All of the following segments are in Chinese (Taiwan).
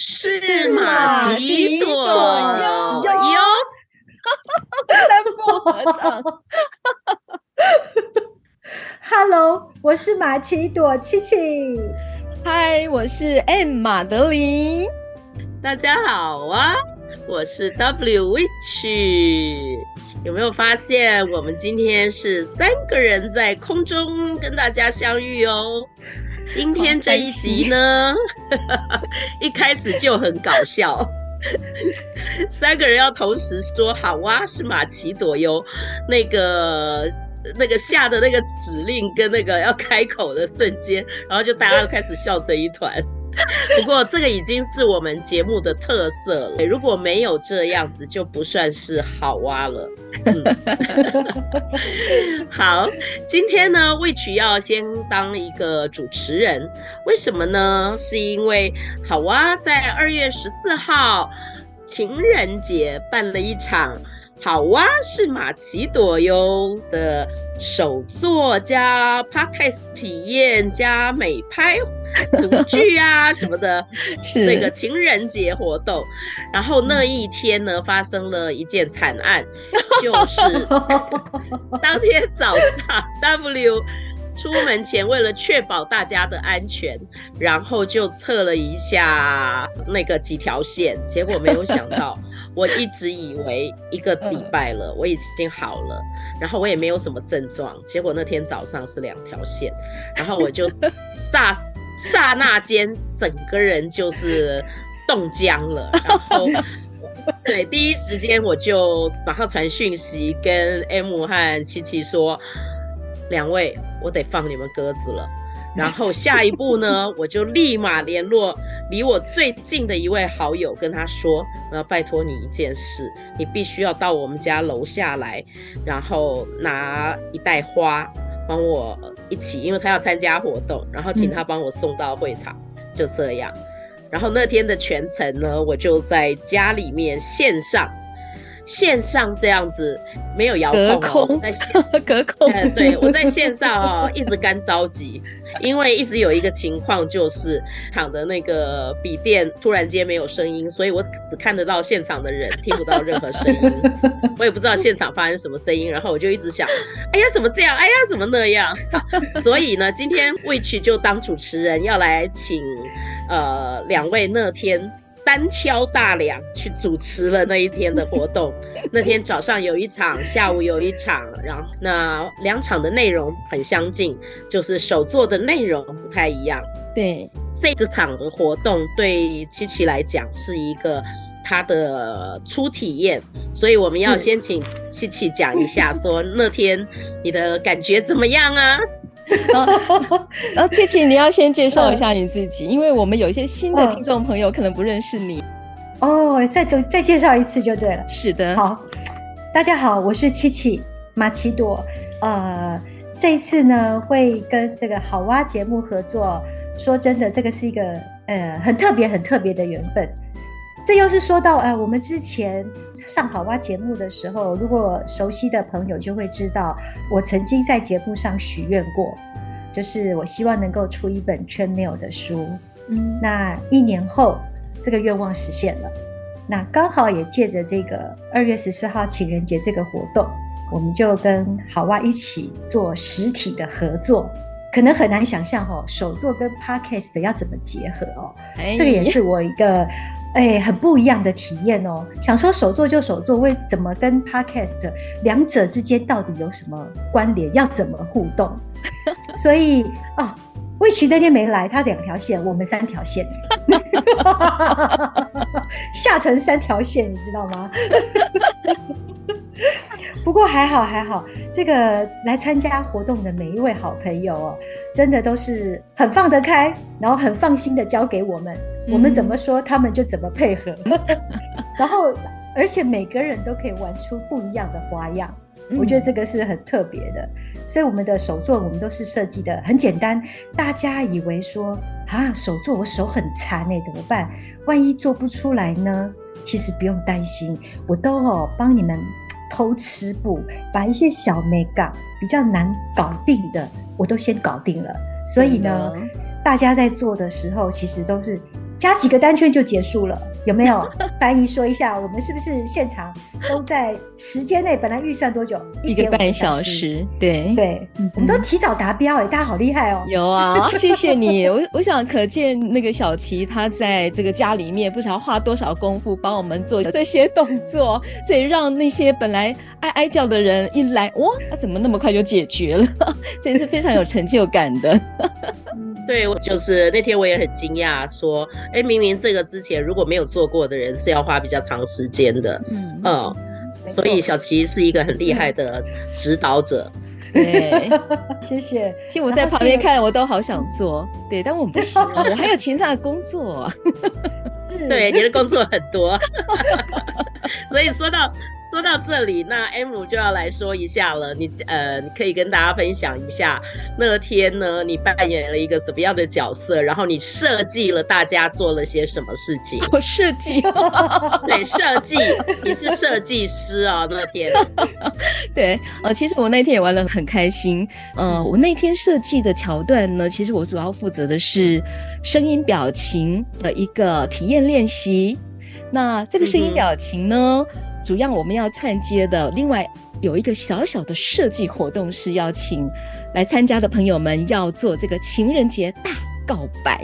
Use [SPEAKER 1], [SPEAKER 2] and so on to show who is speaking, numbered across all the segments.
[SPEAKER 1] 是瑪琪朵唷，
[SPEAKER 2] 哈哈哈哈哈
[SPEAKER 1] ，Hello，我是瑪琪朵七七，嗨，我是 M 馬德林，
[SPEAKER 2] 大家好啊，我是 W Witch，有沒有發現我們今天是三個人在空中跟大家相遇喲？今天這一集呢， 一開始就很搞笑，， 三個人要同時說“好哇”，是瑪琪朵唷，那個那個下的那個指令跟那個要開口的瞬間，然後就大家都開始笑成一團。 不過這個已經是我們節目的特色了，如果沒有這樣子就不算是好哇、啊、了。嗯、 好，今天呢魏曲，要先當一個主持人，為什麼呢？是因為好哇、啊、在二月十四號情人節辦了一場。好哇、啊，是馬奇朵喲的手作加 podcast 體驗加美拍，讀劇啊什麼的， 是那個情人節活動。然後那一天呢，發生了一件慘案，就是 當天早上，W 出門前為了確保大家的安全，然後就測了一下那個幾條線，結果沒有想到。我一直以為一個禮拜了我已經好了，嗯、然後我也沒有什麼症狀，結果那天早上是兩條線，然後我就剎 剎那間整個人就是凍僵了，然後對，第一時間我就馬上傳訊息跟 M 和琪琪說，兩位我得放你們鴿子了。 然後下一步呢，我就立馬聯絡離我最近的一位好友，跟他說，我要拜托你一件事，你必須要到我們家樓下來，然後拿一袋花，幫我一起，因為他要參加活動，然後請他幫我送到會場，嗯、就這樣。然後那天的全程呢，我就在家裡面線上。線上這樣子沒有遙控、哦，在隔空。對我在線上啊、哦，一直乾着急， 因為一直有一個情況就是，躺的那個筆電突然間沒有聲音，所以我只看得到現場的人，聽不到任何聲音， 我也不知道現場發生什麼聲音，然後我就一直想，哎呀怎麼這樣，哎呀怎麼那樣，所以呢，今天 Witch 就當主持人要來請，呃兩位那天。單挑大梁去主持了那一天的活動。那天早上有一場，下午有一場，然後那兩場的內容很相近，就是手作的內容不太一樣。對，這個場的活動對琪琪來講是一個他的初體驗，所以我們要先請琪琪講一下，說那天你的感覺怎麼樣啊？
[SPEAKER 3] 然後， 然後七七，你要先介紹一下你自己，嗯、因為我們有一些新的聽眾朋友可能不認識你。
[SPEAKER 1] 哦，再再再介紹一次就對了。是的，好，大家好，我是七七瑪琪朵。呃，這一次呢，會跟這個好哇節目合作。說真的，這個是一個呃很特別、很特別的緣分。這又是說到呃，我們之前上好蛙節目的時候，如果熟悉的朋友就會知道，我曾經在節目上許願過，就是我希望能夠出一本全 l 的書。嗯，那一年後，這個願望實現了。那剛好也借着這個二月十四號情人節這個活動，我們就跟好蛙一起做實體的合作。可能很難想象哦，手作跟 podcast 要怎麼結合哦？哎、這個也是我一個。哎、欸，很不一樣的體驗哦、喔。想說手作就手作，為什麼跟 podcast 兩者之間到底有什麼關聯？要怎麼互動？所以啊，魏、哦、渠那天沒來，他兩條線，我們三條線， 下沉三條線，你知道嗎？ 不過還好還好，這個來參加活動的每一位好朋友哦、喔，真的都是很放得開，然後很放心的交給我們。我們怎麼說，他們就怎麼配合。 然後，而且每個人都可以玩出不一樣的花樣。嗯、我覺得這個是很特別的。所以我們的手作，我們都是設計的很簡單。大家以為說啊，手作我手很殘呢、欸，怎麼辦？萬一做不出來呢？其實不用擔心，我都哦、喔、幫你們偷吃布，把一些小美 e 比較難搞定的，我都先搞定了。的所以呢，大家在做的時候，其實都是。加幾個單圈就結束了。有沒有翻譯說一下？我們是不是現場都在時間內？本來預算多久？ 一個半小時。對對，嗯、
[SPEAKER 3] 我
[SPEAKER 1] 們都提早達標、欸，哎、嗯，大家好厲害哦！
[SPEAKER 3] 有啊，謝謝你。 我
[SPEAKER 1] 我想可見
[SPEAKER 3] 那個小琪，他在這個家裡面不知道花多少功夫幫我們做這些動作，所以讓那些本來哀哀叫的人一來哇，他怎麼那麼快就解決了？真 是非常有成就感的。
[SPEAKER 2] 對，我就是那天我也很驚訝，說、欸、哎，明明這個之前如果沒有做。做過的人是要花比較長時間的，嗯，嗯沒錯所以小琪是一個很厲害的指導者。嗯、對，謝謝。其實我在旁邊看，我
[SPEAKER 3] 都好想做，對，但我不行、喔， 我還有其他的工作、
[SPEAKER 2] 啊。是對，你的工作很多。 所以說到。說到這裡，那 M 就要來說一下了。你呃，可以跟大家分享一下那天呢，你扮演了一個什麼樣的角色？然後你設計了大家做了些什麼事情？我、哦、設計， 對，設計， 你是設計師啊！那天，
[SPEAKER 3] 對、呃，其實我那天也玩得很開心。呃，我那天設計的橋段呢，其實我主要負責的是聲音表情的一個體驗練習。那這個聲音表情呢？嗯主要我們要串接的，另外有一個小小的設計活動是要請來參加的朋友們要做這個情人節大告白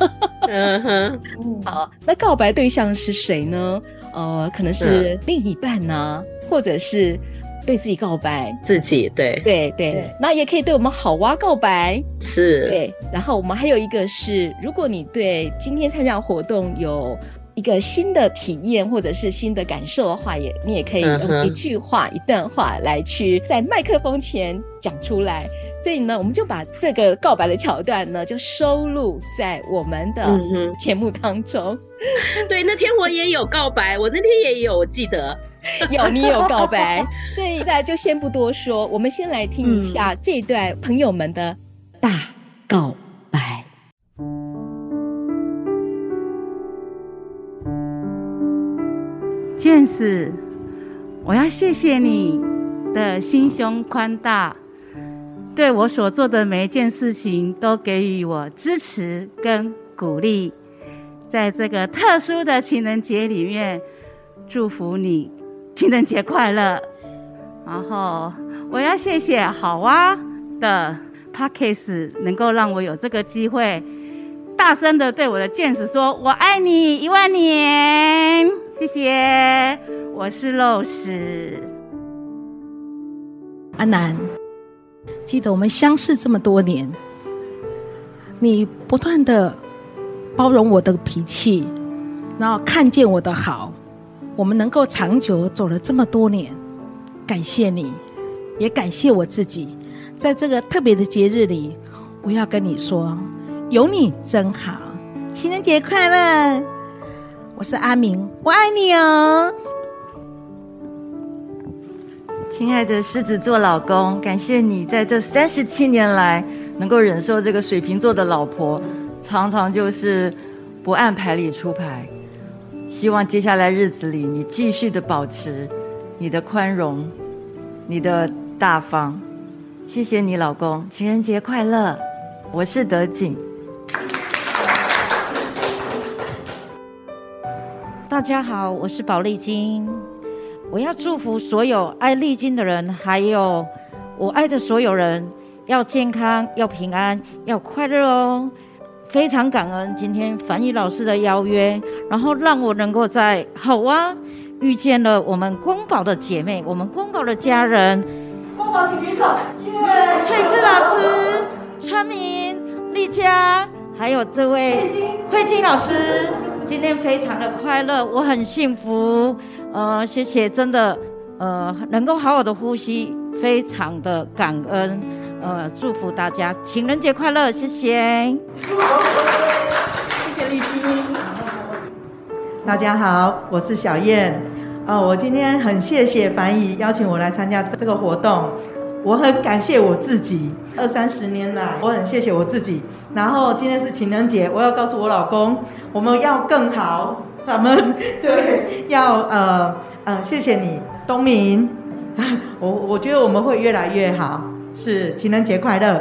[SPEAKER 3] ，uh。Huh. 嗯哼，好，那告白對象是誰呢？呃，可能是另一半呢，啊，uh. 或者是對自己告白，自己對，對，對對，那也可以對我們好哇告白，是，對。然後我們還有一個是，如果你對今天參加活動有。一個新的體驗或者是新的感受的話，也，也你也可以用、Uh huh. 呃、一句話、一段話來去在麥克風前講出來。所以呢，我們就把這個告白的橋段呢，就收錄在我們的節目當中。Uh huh.
[SPEAKER 2] 對，那天我也有告白，我那天也有，我記得有 你有告白，
[SPEAKER 3] 所以大家就先不多說，我們先來聽一下這一段朋友們的大告。Uh huh. 院士，我要謝謝你的心胸寬大，對我所做的每一件事情都給予我支持跟鼓勵。在這個特殊的情人節裡面，祝福你情人節快樂。然後我要謝謝好哇的 Podcast 能夠讓我有這個機會，大聲的對我的劍士說：“我愛你一萬年。”謝謝，
[SPEAKER 1] 我是陋室阿南。記得我們相識這麼多年，你不斷的
[SPEAKER 3] 包容我的脾氣，然後看見我的好，我們能夠長久走了這麼多年，感謝你，也感謝我自己。在這個特別的節日裡，我要跟你說：有你真好，
[SPEAKER 1] 情
[SPEAKER 2] 人節快樂！我是阿明，我愛你哦，
[SPEAKER 1] 親愛的獅子座老公，感謝你在這三十七年來能夠忍受這個水瓶座的老婆，常常就是不按牌理出牌。希望接下來日子裡你繼續的保持你的寬容，你的大方。謝謝你，老公，情人節快樂！我是德景。
[SPEAKER 3] 大家好，我是保利金。我要祝福所有愛麗金的人，還有我愛的所有人，要健康，要平安，要快樂哦！非常感恩今天凡宇老師的邀約，然後讓我能夠在好哇，遇見了我們光寶的姐妹，我們光寶的家人。光寶請舉手。Yeah, 翠芝老師、川明、麗佳，還有這位慧金老師。今天非常的快樂，我很幸福，呃，謝謝，真的，呃，能夠好好的呼吸，非常的感恩，呃，祝福大家，情人節快樂，謝謝。哦哦哦哦
[SPEAKER 2] 哦哦、謝謝麗晶。
[SPEAKER 3] 大家好，我是小燕，啊、哦，我今天很謝謝樊姨邀請我來參加這個活動。我很感謝我自己，二三十年來，我很謝謝我自己。然後今天是情人節，我要告訴我老公，我們要更好，他們對，要呃嗯、呃，謝謝你，冬明，我我覺得我們會越來越好，是
[SPEAKER 1] 情人節快樂。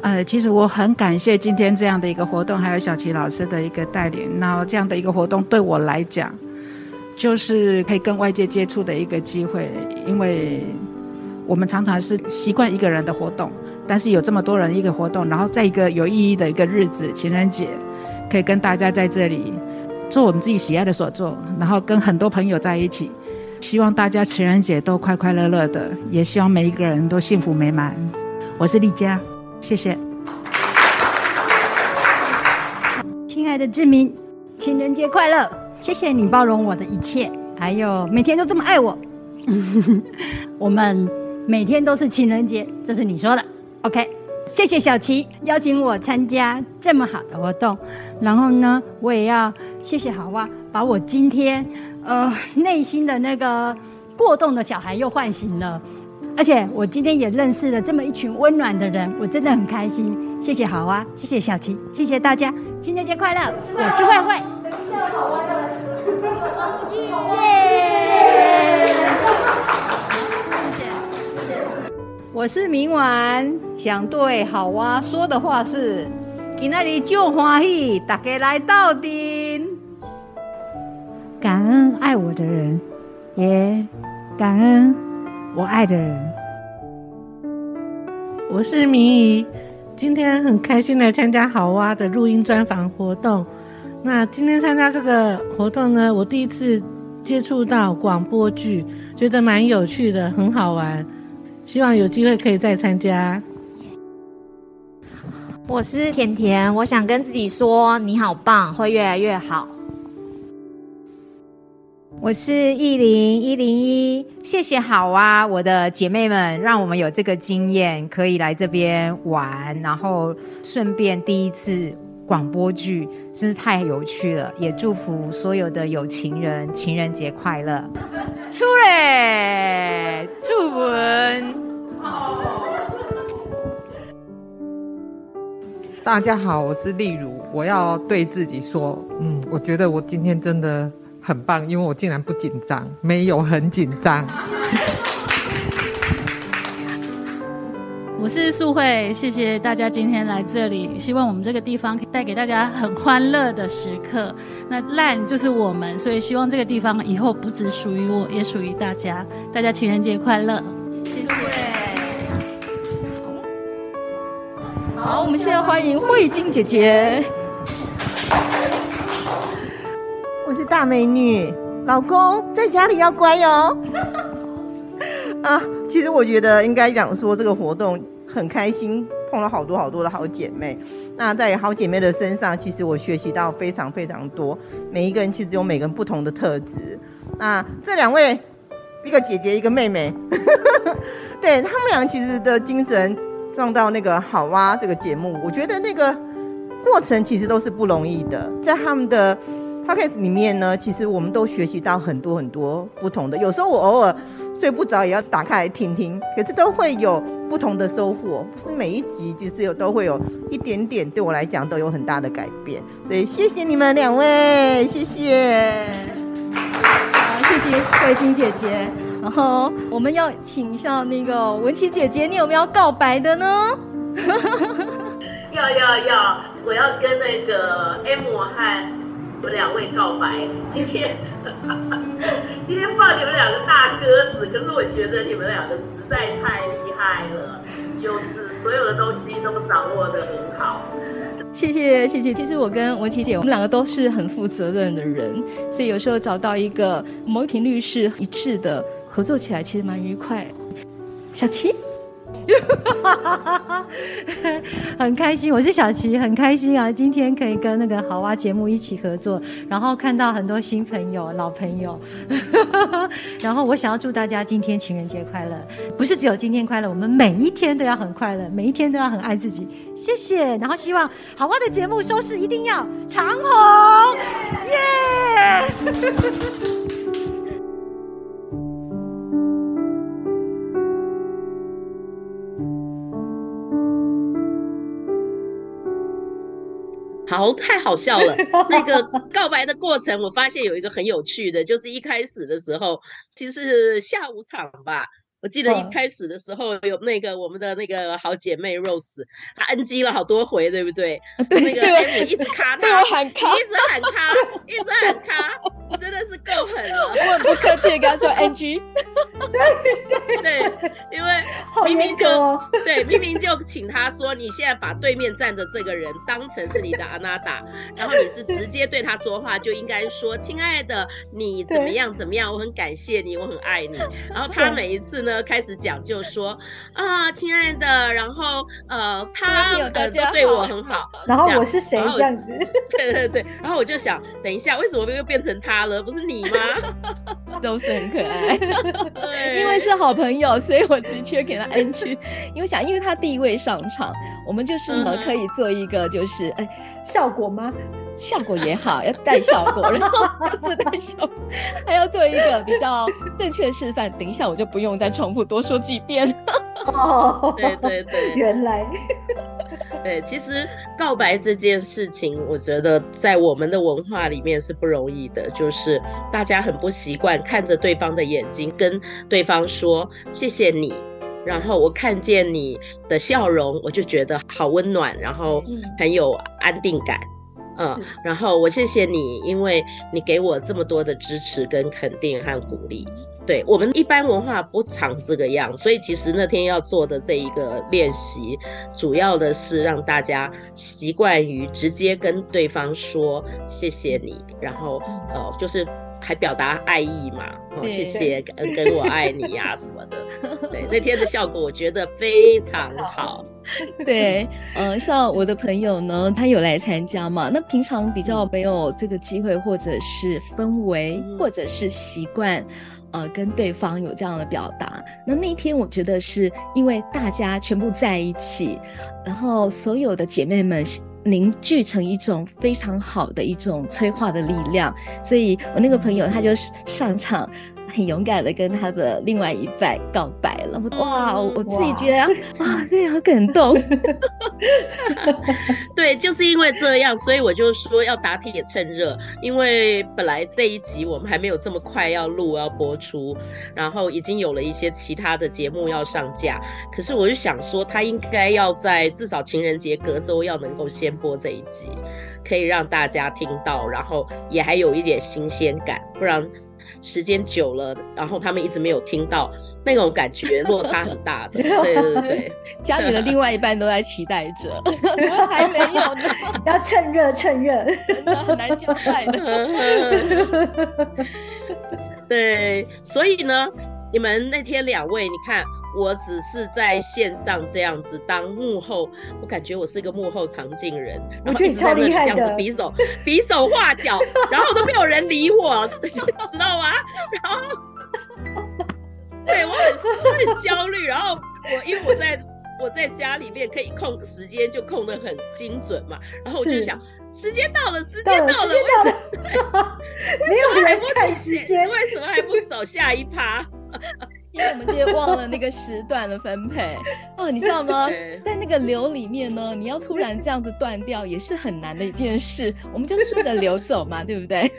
[SPEAKER 1] 呃，其實我很感謝今天這樣的一個活動，還有小琪老師的一個帶領。然後這樣的一個活動對我來講，就是可以跟外界接觸的一個機會，因為我們常常是習慣一個人的活動，但是有這麼多人一個活動，然後在一個有意義的一個日子——情人節，可以跟大家在這裡做我們自己喜愛的所作，然後跟很多朋友在一起。希望大家情人節都快快樂樂的，也希望每一個人都幸福美滿。我是麗佳，謝謝。親愛的志明，情人節快樂！謝謝你包容我的一切，還有每天都這麼愛我。我們每天都是情人節，這是你說的。OK，謝謝小琪邀請我參加這麼好的活動，然後呢，我也要謝謝好哇，把我今天呃內心的那個過動的小孩又喚醒了。而且我今天也認識了這麼一群溫暖的人，我真的很開心。謝謝好哇，謝謝小琪，謝謝大家，情人節快樂！我是壞壞。向好哇要來吃，耶！謝謝，謝謝，我是明晚想對好哇說的話是：今那裡真歡喜，大家來到底。感恩愛我的人，也感恩我愛的人。我是明
[SPEAKER 3] 怡，今天很開心來參加好哇的錄音專訪活動。那今天參加這個活動呢，我第一次接觸到廣播劇，覺得蠻有趣的，很好玩。希望有機會可以再參加。我是甜甜，我想跟自己說，你好棒，會越來越好。我是一零一零一，謝謝好哇，我的姐妹們，讓我們有這個經驗可以來這邊玩，然後順便第一次。廣播劇真是太有趣了，也祝福所有的有情人情人節快樂！出來，祝文，哦、 大家好，我是麗茹，我要對自己說，嗯，我覺得我今天真的很棒，因為我竟然不緊張，沒有很緊張。
[SPEAKER 1] 我是素慧，謝謝大家今天來這裡，希望我們這個地方可以帶給大家很歡樂的時刻。那 Lan 就是我們，所以希望這個地方以後不只屬於我，也屬於大家。大家情人節快樂！
[SPEAKER 3] 謝謝。好，好，我們現在歡
[SPEAKER 1] 迎慧晶姐姐。
[SPEAKER 3] 我是大美女，老公，在家裡要乖哦。啊，其實我覺得應該講說這個活動。很開心碰了好多好多的好姐妹，那在好姐妹的身上，其實我學習到非常非常多。每一個人其實有每個人不同的特質，那這兩位，一個姐姐一個妹妹， 對他們倆其實的精神撞到那個好哇、啊、這個節目，我覺得那個過程其實都是不容易的。在他們的 Podcast 裡面呢，其實我們都學習到很多很多不同的。有時候我偶爾睡不着，也要打開來聽聽，可是都會有。不同的收穫，不是每一集其實，有都會有一點點，對我來講都有很大的改變，所以謝謝你們兩位，謝謝，Okay. 好，謝謝慧晶姐姐，然後我們要請一下那個文琪姐姐，你有沒有要告白的呢？
[SPEAKER 2] 要要要，我要跟那個 M 和我兩位告白，今天。 今天放你們兩個大鴿子，可是我覺得你們兩個實在太厲害了，就是所
[SPEAKER 3] 有的東西都掌握得很好。謝謝謝謝，其實我跟文琪姐，我們兩個都是很負責任的人，所以有時候找到一個某一頻率，是一致的，合
[SPEAKER 1] 作起來，其實蠻愉快。小七。 很開心，我是小琪，很開心啊！今天可以跟那個好哇節目一起合作，然後看到很多新朋友、老朋友， 然後我想要祝大家今天情人節快樂，不是只有今天快樂，我們每一天都要很快樂，每一天都要很愛自己。謝謝，然後希望好哇的節目收視一定要長紅，耶！Yeah! Yeah!
[SPEAKER 2] 好，太好笑了。那個告白的過程，我發現有一個很有趣的，就是一開始的時候，其實是下午場吧。我記得一開始的時候有那個我們的那個好姐妹 Rose，她、嗯、NG 了好多回，對不對？ 那個天美一直咔她 要喊卡，一直喊卡，一直喊卡，我真的是夠狠了。 我很不客氣的跟她說 NG。 對，因為明明就好、哦、對明明就請她說，你現在把對面站的這個人當成是你的阿娜達，然後你是直接對她說話，就應該說親愛的，你怎麼樣怎麼樣。對我很感謝你，我很愛你。然後她每一次呢， 嗯開始講就說啊，親愛的，然後呃，他大家呃就對我很好，然後我是誰這樣子？對，對對對， 然後我就想，等一下，為什麼我又變成他了？不是你嗎？
[SPEAKER 3] 都是很可愛， 對因為是好朋友，所以我直接給他 NG。因為想，因為他第一位上場，我們就是呢、嗯、哼可以做一個就是哎、欸、效果嗎？效果也好，要帶效果， 然後要自帶效果， 還要做一個比較正確的示範。等一下我就不用再重複多說幾遍了。哦， 對對對，原來對，
[SPEAKER 2] 其實告白這件事情，我覺得在我們的文化裡面是不容易的，就是大家很不習慣看着對方的眼睛，跟對方說謝謝你，然後我看見你的笑容，我就覺得好溫暖，然後很有安定感。嗯嗯，是然後我謝謝你，因為你給我這麼多的支持、跟肯定和鼓勵。對，我們一般文化不常這個樣，所以其實那天要做的這一個練習，主要的是讓大家習慣於直接跟對方說謝謝你，然後呃，就是。還表達愛意嘛？謝謝，跟我愛你呀、啊、什麼的。 對，那天的效果我覺得非常好。
[SPEAKER 3] 對，嗯，像我的朋友呢，他有來參加嘛？ 那平常比較沒有這個機會，或者是氛圍，嗯、或者是習慣，呃，跟對方有這樣的表達。那那一天，我覺得是因為大家全部在一起，然後所有的姐妹們。凝聚成一種非常好的一種催化的力量，所以我那個朋友他就是上場。很勇敢的跟他的另外一半告白了，哇！哇我自己覺得啊，哇，真的哇好感動。
[SPEAKER 2] 對，就是因為這樣，所以我就說要打鐵也趁熱，因為本來這一集我們還沒有這麼快要錄要播出，然後已經有了一些其他的節目要上架，可是我就想說，他應該要在至少情人節隔周要能夠先播這一集，可以讓大家聽到，然後也還有一點新鮮感，不然。時間久了，然後他們一直沒有聽到那種感覺，落差很大的。 對對對，
[SPEAKER 3] 家裡的另外一半都在期
[SPEAKER 2] 待着， 還沒有呢， 要趁熱趁熱，真的很難交代的。 對，所以呢，你們那天兩位，你看。我只是在線上這樣子當幕後，我感覺我是一個幕後藏鏡人。我覺得然後一直這樣子比手比手畫腳，然後都沒有人理我， 知道嗎？然後，對我很我很焦慮。然後我因為我在我在家裡面可以控時間，就控得很精準嘛。然後我就想，是時間到了，時間到了，到了為什麼 沒有人看時間？為什麼還不走下一趴？
[SPEAKER 3] 因為我們今天忘了那個時段的分配哦，你知道嗎？在那個流裡面呢，你要突然這樣子斷掉也是很難的一件事。我們就順着流走嘛， 對不對？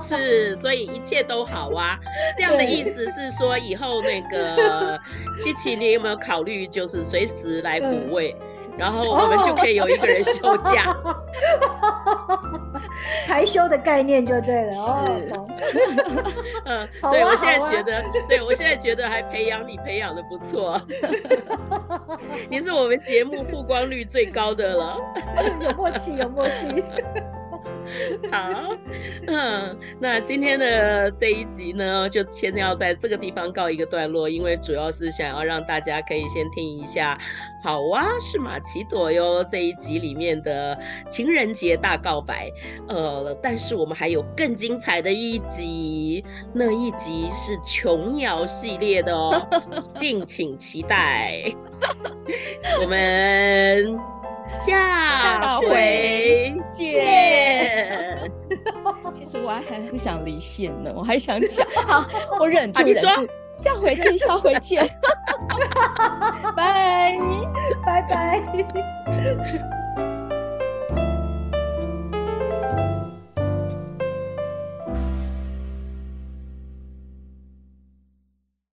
[SPEAKER 2] 是，所以一切都好啊。這樣的意思是說，以後那個 琪琪你有沒有考慮就是隨時來補位，對然後我們就可以有一個人休假。
[SPEAKER 1] 排休的概念就對了，是哦。好 嗯，
[SPEAKER 2] 對我現在覺得，對我現在覺得還培養你培養的不錯， 你是我們節目曝光率最高的了， 有默契，有默契。 好，嗯，那今天的這一集呢，就先要在這個地方告一個段落，因為主要是想要讓大家可以先聽一下，好哇，是瑪琪朵喲這一集裡面的情人節大告白，呃，但是我們還有更精彩的一集，那一集是瓊瑤系列的哦，敬請期待， 我們。下回見,下
[SPEAKER 3] 次見。其實我還很不想離線呢，我還想講。好，我忍住，啊、你說忍住。
[SPEAKER 1] 下回見，下回見。拜拜拜拜。Bye bye